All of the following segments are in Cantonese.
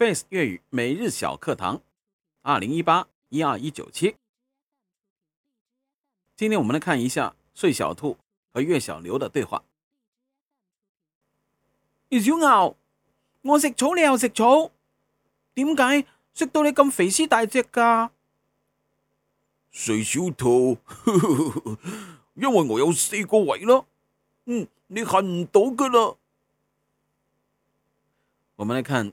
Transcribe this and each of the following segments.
Face 粵語每日小課堂，二零一八一二一九七，今天我們來看一下穗小兔和粵小牛的對話。粵小牛：我食草，你又食草，點解食到你咁肥屍大隻噶、啊？穗小兔： 因為我有四個胃咯。嗯，你恨唔到噶啦。我們來看。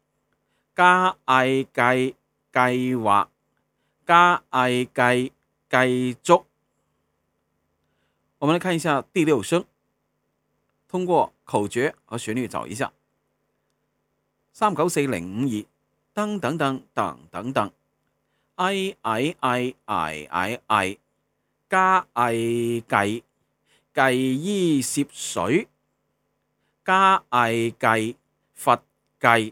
加毅計計劃，加毅計繼續。我們嚟看一下第六聲，通過口訣和旋律找一下。三九四零五二，噔噔噔噔噔噔，哎哎哎哎哎哎，加毅計計衣涉水，加毅計佛計。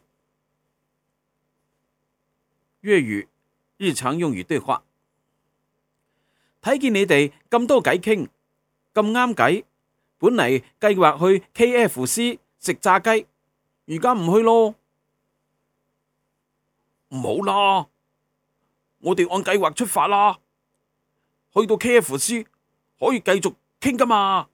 粵語日常用語對話，睇見你哋咁多偈傾，咁啱偈，本嚟計劃去 KFC 食炸雞，而家唔去咯，唔好啦，我哋按計劃出發啦，去到 KFC 可以繼續傾㗎嘛。